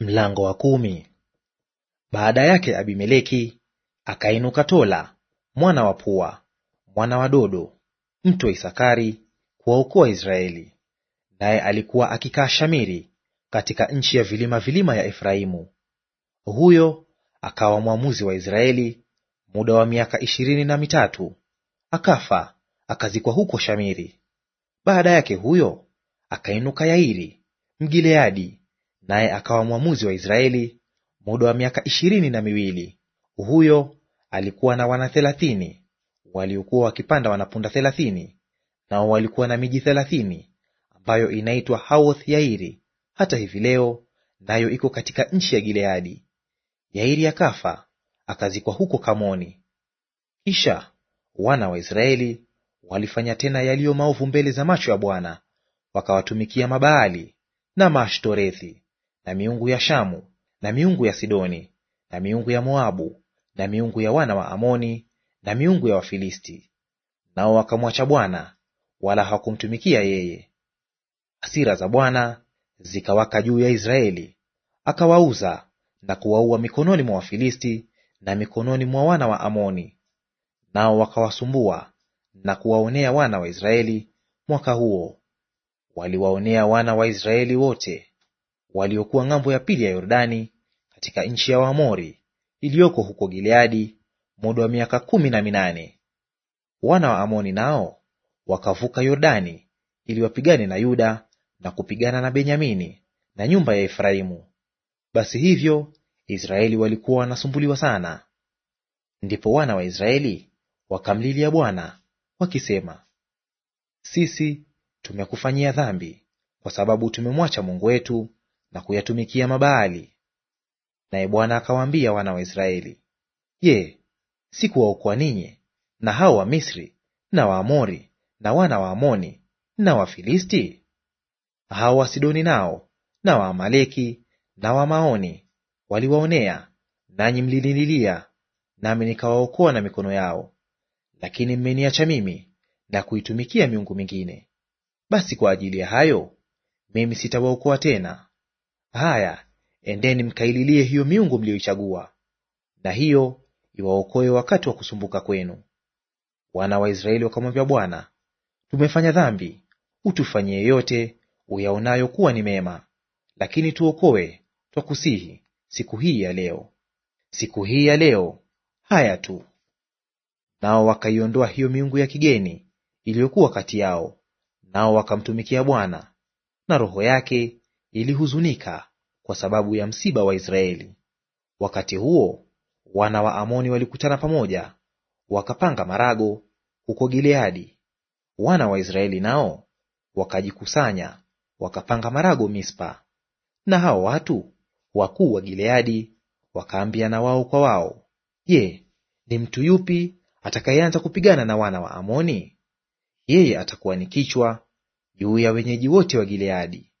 Mlango wa kumi. Baada yake Abimeleki akainuka Tola mwana wa Pua mwana wa Dodo mtu wa Isakari kuwaokoa Israeli, naye alikuwa akikaa Shamiri katika nchi ya vilima vilima ya Efraimu. Huyo akawa mwamuzi wa Israeli muda wa miaka ishirini na mitatu, akafa akazikwa huko Shamiri. Baada yake huyo akainuka Yairi Mgileadi naye akawa mwamuzi wa Israeli muda wa miaka ishirini na miwili. Huyo alikuwa na wana thelathini waliokuwa wakipanda wanapunda thelathini, nao walikuwa na miji thelathini ambayo inaitwa Hawoth Yairi hata hivi leo, nayo iko katika nchi ya Gileadi. Yairi akafa akazikwa huko Kamoni. Kisha wana wa Israeli walifanya tena yaliyo maovu mbele za macho ya Bwana, wakawatumikia Mabaali na Maashtorethi na miungu ya Shamu na miungu ya Sidoni na miungu ya Moabu na miungu ya wana wa Amoni na miungu ya Wafilisti. Nao wakamwacha Bwana, wala hawakumtumikia yeye. Hasira za Bwana zikawaka juu ya Israeli, akawauza na kuwaua mikononi mwa Wafilisti na mikononi mwa wana wa Amoni. Nao wakawasumbua na kuwaonea wana wa Israeli mwaka huo; waliwaonea wana wa Israeli wote waliokuwa ng'ambo ya pili ya Yordani katika nchi ya Waamori iliyoko huko Gileadi muda wa miaka kumi na minane. Wana wa Amoni nao wakavuka Yordani ili wapigane na Yuda na kupigana na Benyamini na nyumba ya Efraimu. Basi hivyo Israeli walikuwa wanasumbuliwa sana. Ndipo wana wa Israeli wakamlilia Bwana wakisema, sisi tumekufanyia dhambi, kwa sababu tumemwacha Mungu wetu na kuyatumikia Mabaali. Naye Bwana akawaambia wana wa Israeli, Je, sikuwaokoa ninyi na hao wa Misri na Waamori na wana wa Amoni na Wafilisti? Hao Wasidoni nao na Waamaleki na Wamaoni waliwaonea, nanyi mlinililia, nami nikawaokoa na mikono yao. Lakini mmeniacha mimi na kuitumikia miungu mingine. Basi kwa ajili ya hayo mimi sitawaokoa tena. Haya, endeni mkaililie hiyo miungu mliyoichagua, na hiyo iwaokoe wakati wa kusumbuka kwenu. Wana wa Israeli wakamwambia Bwana, tumefanya dhambi, utufanyie yote uyaonayo kuwa ni mema, lakini tuokoe, twakusihi, siku hii ya leo. Siku hii ya leo, haya tu. Nao wakaiondoa hiyo miungu ya kigeni iliyokuwa kati yao, nao wakamtumikia Bwana, na roho yake ilihuzunika kwa sababu ya msiba wa Israeli. Wakati huo wana wa Amoni walikutana pamoja, wakapanga marago huko Gileadi. Wana wa Israeli nao wakajikusanya, wakapanga marago Mispa. Na hao watu wakuu wa Gileadi wakaambia na wao kwa wao, Je, ni mtu yupi atakayeanza kupigana na wana wa Amoni? Yeye atakuwa ni kichwa juu ya wenyeji wote wa Gileadi.